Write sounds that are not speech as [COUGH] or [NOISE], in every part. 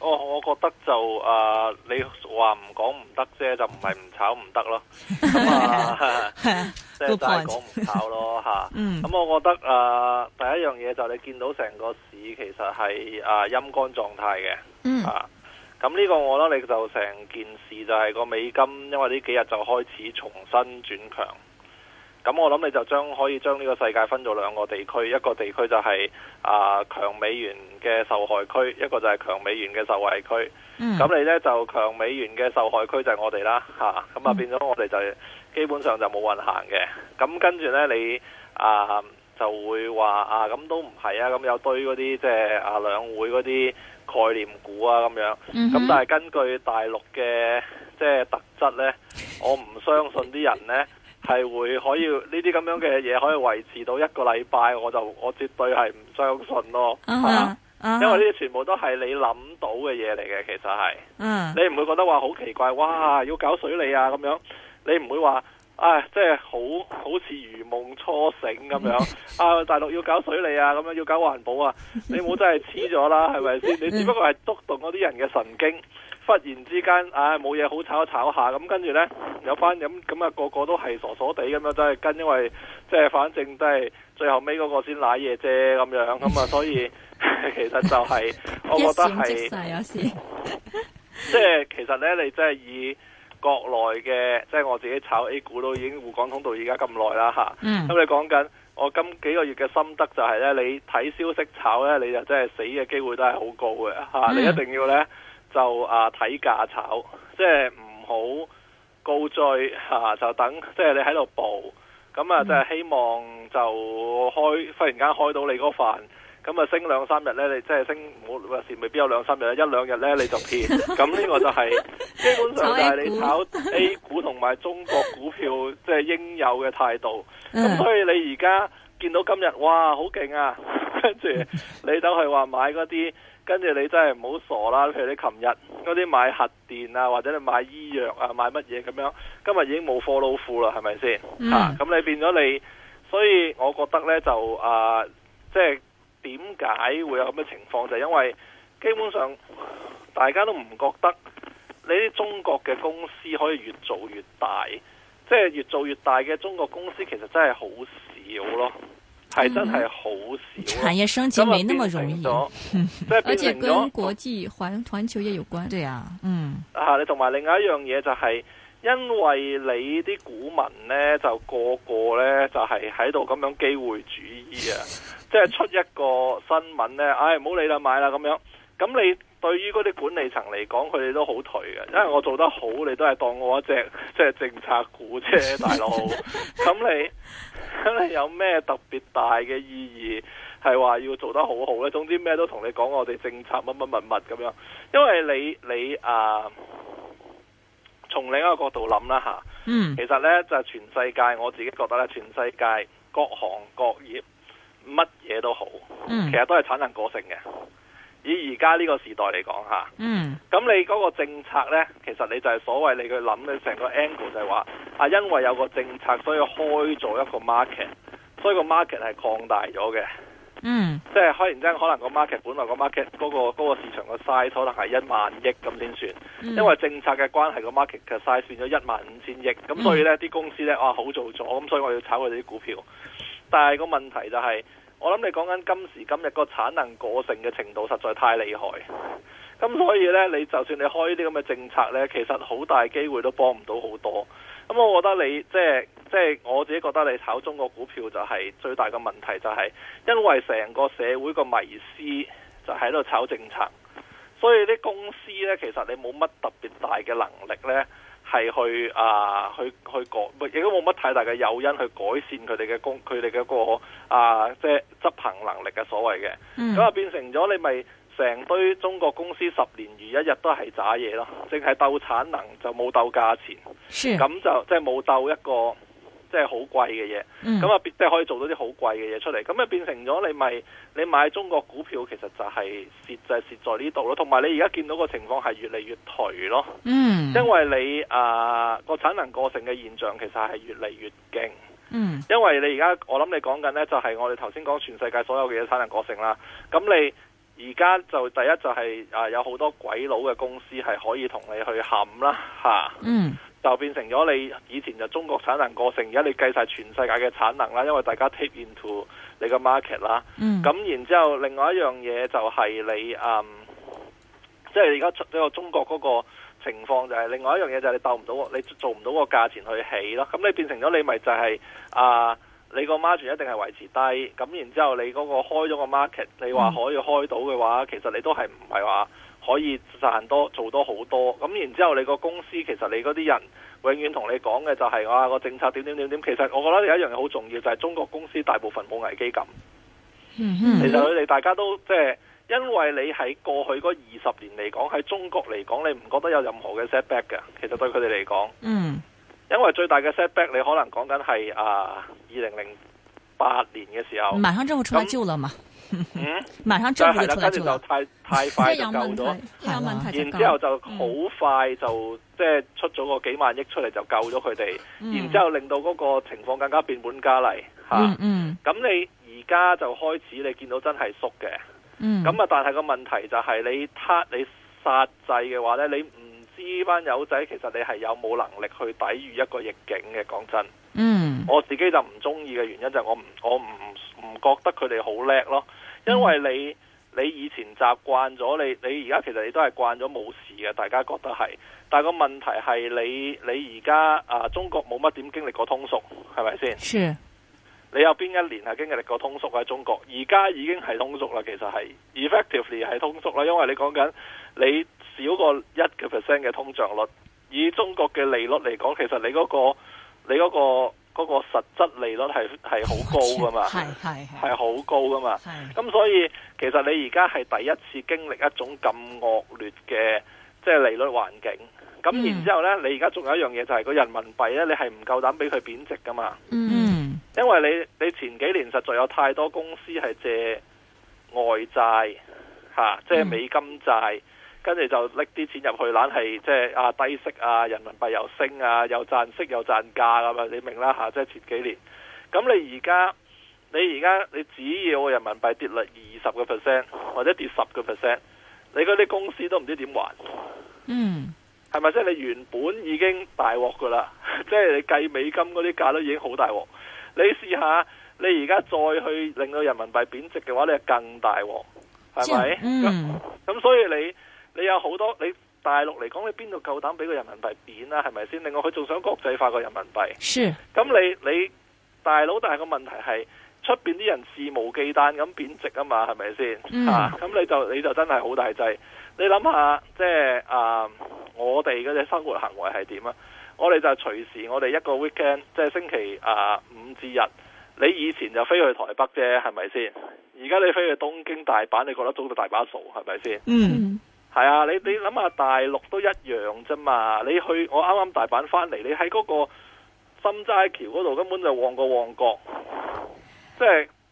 我、oh, 我覺得就啊，你話唔講唔得啫，就唔係唔炒唔得咯。即係就係講唔炒咯嚇。咁我覺得啊，uh, 第一樣嘢就你見到成個市其實係啊陰乾狀態嘅。啊，咁呢、mm. 啊、個我覺得你就成件事就係個美金，因為呢幾日就開始重新轉強。咁我諗你就將可以將呢個世界分做兩個地區，一個地區就係啊強美元嘅受害區，一個就係強美元嘅受惠區。咁、嗯、你呢就強美元嘅受害區就係我哋啦，吓咁啊就變咗我哋就、嗯、基本上就冇運行嘅。咁跟住呢，你啊就會話啊咁都唔係啊，咁、啊、有堆嗰啲即係啊兩會嗰啲概念股啊咁樣。咁、嗯、但係根據大陸嘅即係特質呢，我唔相信啲人呢。係會可以呢啲咁樣嘅嘢可以維持到一個禮拜，我就我絕對係唔相信咯，係、uh-huh. uh-huh. 因為呢啲全部都係你諗到嘅嘢嚟嘅，其實係，uh-huh. 你唔會覺得話好奇怪，哇！要搞水利啊咁樣，你唔會話。唉、哎，即係好好似如夢初醒咁樣， [LAUGHS] 啊，大陸要搞水利啊，咁樣要搞環保啊，你冇真係黐咗啦，係咪先？你只不過係督動嗰啲人嘅神經，忽然之間啊，哎，冇嘢好炒炒一下，咁跟住呢，有班咁咁啊，個個都係傻傻地咁樣真係跟，因為即係反正都係最後尾嗰個先賴嘢啫，咁樣咁啊， [LAUGHS] 所以其實就係我覺得係， [LAUGHS] 即係 [LAUGHS] 其實呢，你真係以。國內嘅即係我自己炒 A 股都已經滬港通到而家咁耐啦，咁你講緊我今幾個月嘅心得就係、是、呢你睇消息炒呢，你就真係死嘅機會都係好高嘅、mm。你一定要呢，就啊睇價炒，即係唔好高追就等即係、就是、你喺度報，咁啊即係希望就開忽然間開到你嗰份。咁啊，升兩三日呢，你即係升冇話事，未必有兩三日，一兩日呢你就跌。咁 [LAUGHS] 呢個就係、是、基本上就係你炒 A 股同埋中國股票即係、就是、應有嘅態度。咁、嗯、所以你而家見到今日哇，好勁啊！跟 [LAUGHS] 住你等去話買嗰啲，跟住你真係唔好傻啦。譬如你琴日嗰啲買核電啊，或者你買醫藥啊，買乜嘢咁樣，今日已經冇貨老庫啦，係咪先？嚇、嗯！咁、啊、你變咗你，所以我覺得呢就啊，即、就、係、是。點解會有咁嘅情況？就係、是、因為基本上大家都唔覺得你啲中國嘅公司可以越做越大，即、就、係、是、越做越大嘅中國公司其實真係好少咯，係真係好少。產業升級冇咁容易，而且跟國際環環球也有關。對、嗯、啊，嗯，你同埋另外一樣嘢就係因為你啲股民呢，就個個呢就係喺度咁樣機會主義啊。即係出一個新聞呢，唉，唔好理啦，買啦咁樣。咁你對於嗰啲管理層嚟講，佢哋都好頹嘅，因為我做得好，你都係當我一隻即係政策股啫，大佬。咁 [LAUGHS] 你咁你有咩特別大嘅意義係話要做得好好呢？總之咩都同你講，我哋政策乜乜乜乜咁樣。因為你你啊，從另一個角度諗啦吓。其實呢，就係全世界，我自己覺得咧，全世界各行各業。乜嘢都好、嗯，其實都係產能過剩嘅。以而家呢個時代嚟講吓，咁、嗯、你嗰個政策呢，其實你就係所謂你去諗你成個 angle 就係話，啊因為有個政策，所以開咗一個 market，所以個 market 係擴大咗嘅。嗯，即係忽然間可能，可能個 market 本來個 market 嗰、嗰個、嗰個市場個 size 可能係一萬億咁先算、嗯，因為政策嘅關係個 market 嘅 size 變咗一萬五千億，咁所以呢啲公司呢啊好做咗，咁所以我要炒佢哋啲股票，但係個問題就係、是，我諗你講緊今時今日個產能過剩嘅程度實在太厲害，咁所以呢，你就算你開呢啲咁嘅政策呢，其實好大機會都幫唔到好多。咁我覺得你即係即係我自己覺得你炒中國股票就係、是、最大嘅問題就係、是，因為成個社會個迷思就喺度炒政策，所以啲公司呢，其實你冇乜特別大嘅能力呢。係去啊，去去改，亦都冇乜太大嘅誘因去改善佢哋嘅工，佢哋嘅個啊，即係執行能力嘅所謂嘅。咁、嗯、啊，那就變成咗你咪成堆中國公司十年如一日都係渣嘢咯，淨係鬥產能就冇鬥價錢，咁就即係冇鬥一個。即係好貴嘅嘢，咁、嗯、啊，即係可以做到啲好貴嘅嘢出嚟，咁啊變成咗你咪、就是、你買中國股票，其實就係蝕就蝕、是、在呢度咯。同埋你而家見到個情況係越嚟越頹咯、嗯，因為你啊個、呃、產能過剩嘅現象其實係越嚟越勁、嗯。因為你而家我諗你講緊呢，就係我哋頭先講全世界所有嘅嘢產能過剩啦。咁你而家就第一就係、是、啊、呃、有好多鬼佬嘅公司係可以同你去冚啦嚇。啊嗯就變成咗你以前就中國產能過剩，而家你計晒全世界嘅產能啦，因為大家 tap into 你個 market 啦。咁然之後，另外一樣嘢就係你，即係而家出呢個中國嗰個情況就係另外一樣嘢就係你鬥唔到，你做唔到個價錢去起啦。咁你變成咗你咪就係、是、啊、呃，你個 margin 一定係維持低。咁然之後，你嗰個開咗個 market，你話可以開到嘅話、嗯，其實你都係唔係話可以實行多做多好多咁，然之後你個公司其實你嗰啲人永遠同你講嘅就係啊個政策點點點點。其實我覺得有一樣嘢好重要，就係中國公司大部分冇危機感。嗯哼，其實佢哋大家都即係因為你喺過去嗰二十年嚟講喺中國嚟講，你唔覺得有任何嘅 setback 嘅。其實對佢哋嚟講，嗯，因為最大嘅 setback 你可能講緊係啊二零零八年嘅時候，馬上政府出來救了嘛？嗯，馬上政府出來救係啦，跟住就太太快就救咗，係嘛？然之後就好 [LAUGHS] [LAUGHS] 快就即係出咗個幾萬億出嚟就救咗佢哋，然之後令到嗰個情況更加變本加厲，吓、嗯啊，嗯，咁、嗯、你而家就開始你見到真係縮嘅，嗯，咁啊，但係個問題就係你 cut 你殺制嘅話咧，你唔知班友仔其實你係有冇能力去抵禦一個逆境嘅，講真。嗯、mm.，我自己就唔中意嘅原因就係我唔我唔唔覺得佢哋好叻咯，因為你、mm. 你以前習慣咗，你你而家，其實你都係慣咗冇事嘅，大家覺得係，但係個問題係你你而家啊中國冇乜點經歷過通縮，係咪先？係。你有邊一年係經歷過通縮喺中國？而家已經係通縮啦，其實係 effectively 係通縮啦，因為你講緊你少過一個 percent 嘅通脹率，以中國嘅利率嚟講，其實你嗰，那個。你嗰個嗰個實質利率係係好高噶嘛？係係係好高噶嘛？咁，所以其實你而家係第一次經歷一種咁惡劣嘅即係利率環境。咁然之後呢，嗯、你而家仲有一樣嘢就係個人民幣呢你係唔夠膽俾佢貶值噶嘛？嗯，因為你你前幾年實在有太多公司係借外債吓，即係美金債。跟住就拎啲錢入去，懶係即係啊低息啊，人民幣又升啊，又賺息又賺價，咁你明啦吓，啊，即係前幾年。咁你而家，你而家你只要人民幣跌落二十個 percent 或者跌十個 percent，你嗰啲公司都唔知點還。嗯，係咪？即係你原本已經大鑊噶啦？即係你計美金嗰啲價都已經好大鑊。你試下，你而家再去令到人民幣貶值嘅話，你係更大鑊，係咪？嗯。咁所以你。你有好多，你大陸嚟講，你邊度夠膽俾個人民幣貶呀？係咪先？另外佢仲想國際化個人民幣，咁你你大佬但係個問題係出面啲人肆無忌憚咁貶值啊嘛？係咪先？嗯，咁、啊、你就你就真係好大劑。你諗下，即係啊，我哋嗰啲生活行為係點啊？我哋就隨隨時我哋一個 weekend，即係星期啊五至日，你以前就飛去台北啫，係咪先？而家你飛去東京、大阪，你覺得租到大把數，係咪先？嗯。係啊，你你諗下大陸都一樣啫嘛，你去我啱啱大阪翻嚟，你喺嗰個心齋橋嗰度根本就旺過旺角，即係。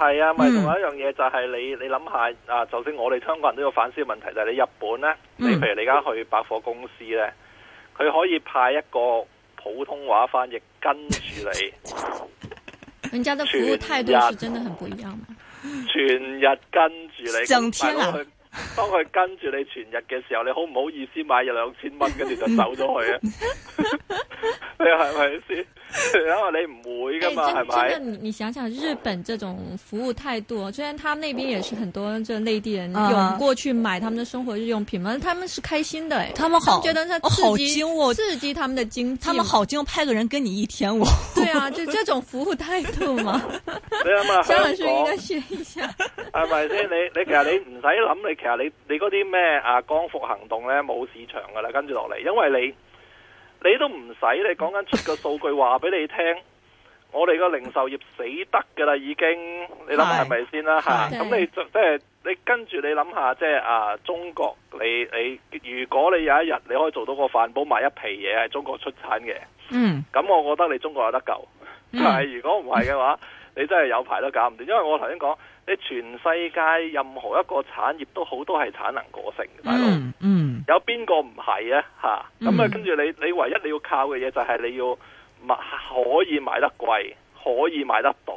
係啊，咪同埋一樣嘢就係、是、你，你諗下啊，就算我哋香港人都要反思嘅問題就係、是、你日本呢，你譬如你而家去百貨公司呢，佢可以派一個普通話翻譯跟住你。人家的服務態度是真的很不一樣。全日跟住你，你，整天啊。當佢跟住你全日嘅時候，你好唔好意思買入兩千蚊，跟住就走咗去啊？ [LAUGHS] [LAUGHS] 你係咪先？因為你唔會噶嘛，係、欸、咪？真真你你想想日本這種服務態度，雖然佢那邊也是很多，就內地人湧過去買他們的生活日用品嘛，他們是開心的，誒、嗯，他們好，他們好他們覺得佢好經、哦，刺激他們的經濟，他們好驚派個人跟你一天，我。 [LAUGHS] 對啊，就這種服務態度嘛。 [LAUGHS] 你諗啊，小老師應該學一下。係咪先？你你其實你唔使諗你。其實你你嗰啲咩啊光復行動呢？冇市場噶啦，跟住落嚟，因為你你都唔使你講緊出個數據話俾你聽， [LAUGHS] 我哋個零售業死得噶啦，已經你諗係咪先啦吓？咁你即係、就是、你跟住你諗下，即、就、係、是、啊中國你你如果你有一日你可以做到個飯煲賣一皮嘢係中國出產嘅，嗯，咁我覺得你中國有得救。但係如果唔係嘅話、嗯，你真係有排都搞唔掂。因為我頭先講，你全世界任何一個產業都好多係產能過剩，大佬、嗯，嗯，有邊個唔係啊？吓、嗯，咁、嗯、啊，跟住你，你唯一你要靠嘅嘢就係你要賣可以賣得貴，可以賣得，得到，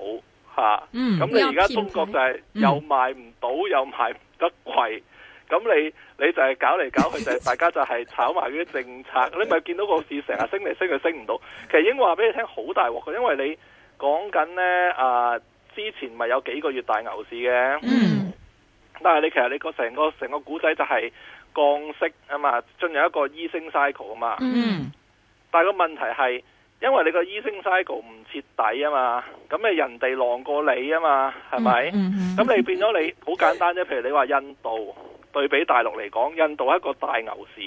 吓、啊，咁、嗯嗯、你而家中國就係又賣唔到、嗯，又賣唔得貴。咁你你就係搞嚟搞去 [LAUGHS] 就係大家就係炒埋啲政策， [LAUGHS] 你咪見到個市成日升嚟升去升唔到。其實已經話俾你聽好大鑊嘅，因為你講緊呢啊，之前咪有幾個月大牛市嘅。嗯。但係你其實你個成個成個故仔就係降息啊嘛，進入一個 easing cycle 啊嘛。嗯。但係個問題係，因為你個 easing cycle 唔徹底啊嘛，咁咪人哋浪過你啊嘛，係咪？咁你變咗你好簡單啫，譬如你話印度。對比大陸嚟講，印度一個大牛市，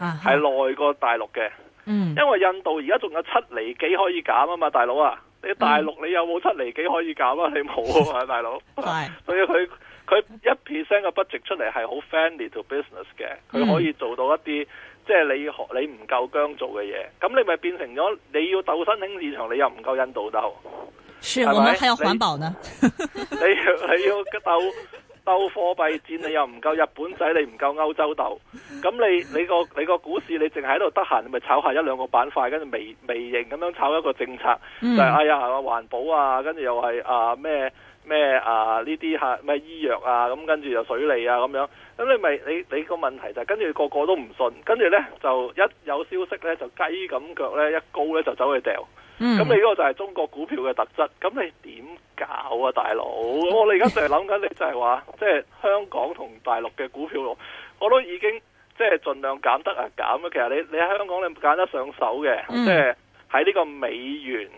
係耐過大陸嘅、嗯。因為印度而家仲有七厘幾可以減啊嘛，大佬啊！你大陸你有冇七厘幾可以減啊？嗯、你冇啊嘛，大佬。係， [LAUGHS] 所以佢佢一 percent 嘅 budget 出嚟係好 friendly to business 嘅，佢可以做到一啲、嗯、即係你學你唔夠姜做嘅嘢。咁你咪變成咗你要鬥新興市場，你又唔夠印度鬥。是，是，是，我哋還要環保呢。你要你要鬥。 [LAUGHS] 鬥貨幣戰你又唔夠日本仔，你唔夠歐洲鬥，咁你你個你個股市你淨係喺度得閒，你咪炒下一兩個板塊，跟住微微型咁樣炒一個政策，就係、係、哎呀，係環保啊，跟住又係啊咩咩啊呢啲咩醫藥啊，咁跟住又水利啊咁樣，咁你咪你你個問題就係跟住個個都唔信，跟住咧就一有消息咧就雞咁腳咧一高咧就走去掉。咁、嗯、你呢個就係中國股票嘅特質，咁你點搞啊，大佬、嗯？我哋而家就係諗緊，你就係話，即係香港同大陸嘅股票我都已經即係盡量減得啊減啊，其實你你喺香港你唔揀得上手嘅，即係喺呢個美元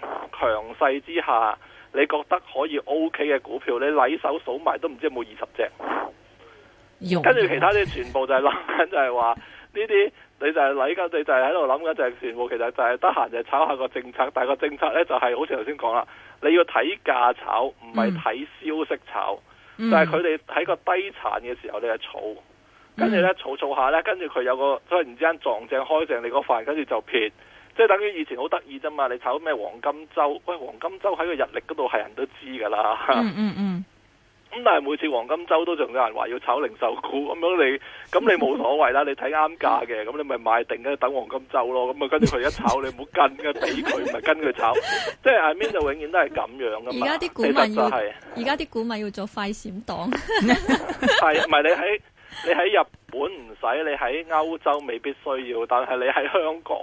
強勢之下，嗯、你覺得可以 O K 嘅股票，你禮手數埋都唔知有冇二十隻，跟住其他啲全部就係諗緊就係話。呢啲你就係禮金，你就係喺度諗緊就係全部其實就係得閒就炒一下個政策，但係個政策咧就係、係、好似頭先講啦，你要睇價炒，唔係睇消息炒。但係佢哋喺個低殘嘅時候你就炒，你係儲，跟住咧儲儲下咧，跟住佢有個突然之間撞正開正你個飯，跟住就撇，即係等於以前好得意啫嘛。你炒咩黃金周？喂，黃金周喺個日曆嗰度係人都知㗎啦。嗯嗯。嗯。咁但係每次黃金周都仲有人話要炒零售股，咁樣你咁你冇所謂啦，你睇啱價嘅，咁你咪買定嘅等黃金周咯，咁啊跟住佢一炒，你唔好跟嘅，俾佢唔係跟佢炒，即係喺邊就永遠都係咁樣噶嘛。而家啲股民要而家啲股民要做快閃黨，係唔係你喺你喺日本唔使，你喺歐洲未必需要，但係你喺香港。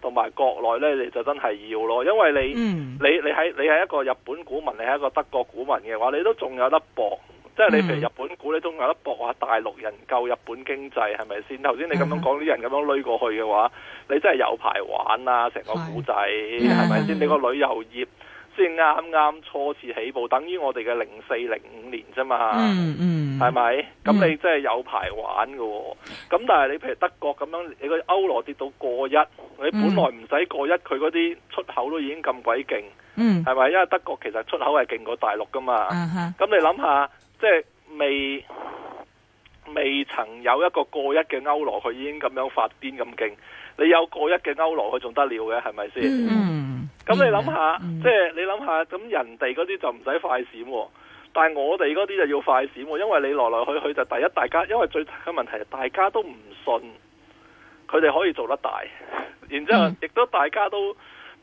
同埋國內呢，你就真係要咯，因為你、嗯、你你喺你係一個日本股民，你係一個德國股民嘅話，你都仲有得博，即、就、係、是、你、嗯、譬如日本股你都有得博下大陸人救日本經濟係咪先？頭先你咁樣講啲、嗯、人咁樣濾過去嘅話，你真係有排玩啊！成個故仔係咪先？你個旅遊業，先啱啱初次起步，等於我哋嘅零四零五年啫嘛，係、嗯、咪？咁、嗯嗯、你真係有排玩噶、哦。咁但係你譬如德國咁樣，你個歐羅跌到過一，你本來唔使過一，佢嗰啲出口都已經咁鬼勁，係、嗯、咪？因為德國其實出口係勁過大陸噶嘛。咁、啊、你諗下，即、就、係、是、未未曾有一個過一嘅歐羅，佢已經咁樣發癲咁勁。你有個一嘅歐羅，佢仲得了嘅，係咪先？嗯，咁、嗯、你諗下，即、嗯、係、就是、你諗下，咁人哋嗰啲就唔使快閃、哦，但係我哋嗰啲就要快閃、哦，因為你來來去去就第一，大家因為最大嘅問題大家都唔信佢哋可以做得大，嗯、然之後亦都大家都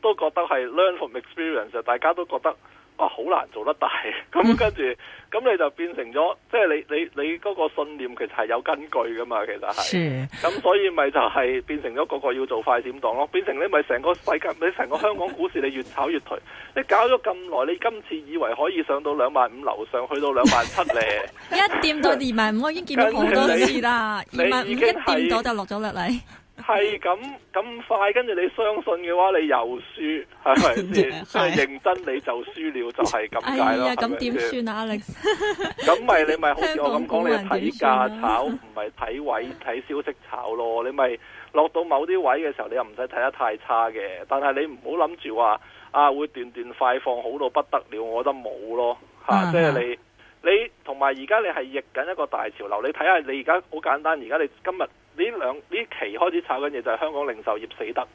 都覺得係 learn from experience，大家都覺得。哇、啊，好難做得大，咁、嗯嗯、跟住，咁、嗯、你就變成咗，即係你你你嗰個信念其實係有根據噶嘛，其實係。咁、嗯嗯、所以咪就係變成咗個個要做快閃檔咯，變成你咪成個世界，你成個香港股市，你越炒越頹，你搞咗咁耐，你今次以為可以上到兩萬五樓上，去到兩萬七咧？ [LAUGHS] [LAUGHS] 一掂到二萬五，我已經見到好多次啦，二萬五一掂咗就落咗落嚟。係咁咁快，跟住你相信嘅話，你又輸，係咪？先？係認真你就輸了，就係咁解咯。咁 [LAUGHS] 點、哎、算啊 Alex 咁咪你咪好似我咁講，你睇價 [LAUGHS] 炒，唔係睇位睇消息炒咯。 [LAUGHS] 你咪落到某啲位嘅時候，你又唔使睇得太差嘅。但係你唔好諗住話啊，會段段快放好到不得了，我覺得冇咯吓。即 [LAUGHS] 係、啊就是、你 [LAUGHS] 你同埋而家你係逆緊一個大潮流，你睇下你而家好簡單。而家你今日。呢兩呢期開始炒緊嘢就係香港零售業死得，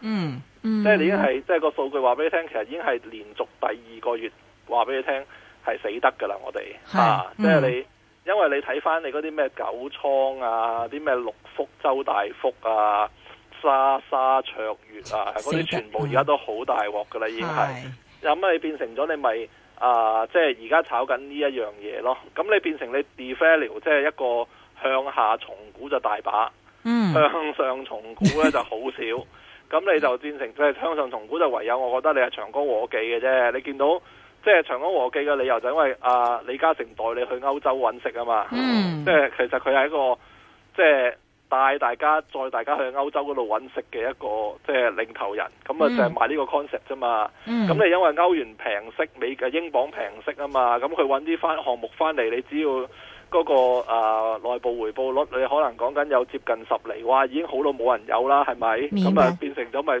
嗯，嗯即係你已經係、嗯、即係個數據話俾你聽，其實已經係連續第二個月話俾你聽係死得㗎啦，我哋嚇，即係你因為你睇返你嗰啲咩九倉啊，啲咩六福、周大福啊、莎莎卓悅啊，嗰啲全部而家都好大鑊㗎啦，已經係，咁、嗯、你變成咗你咪啊，即係而家炒緊呢一樣嘢咯，咁你變成你 deferred 即係一個。向下重估就大把，向上重估咧就好少。咁、嗯、 [LAUGHS] 你就變成即係、就是、向上重估就唯有，我覺得你係長江和記嘅啫。你見到即係、就是、長江和記嘅理由就因為啊李嘉誠帶你去歐洲揾食啊嘛，即、嗯、係、就是、其實佢係一個即係。就是帶大家再大家去歐洲嗰度揾食嘅一個即係領頭人，咁、嗯、啊就係賣呢個 concept 啫嘛。咁、嗯、你因為歐元平息，美嘅英鎊平息啊嘛，咁佢揾啲翻項目翻嚟，你只要嗰、那個啊、呃、內部回報率，你可能講緊有接近十厘話已經好到冇人有啦，係咪？咁啊變成咗咪。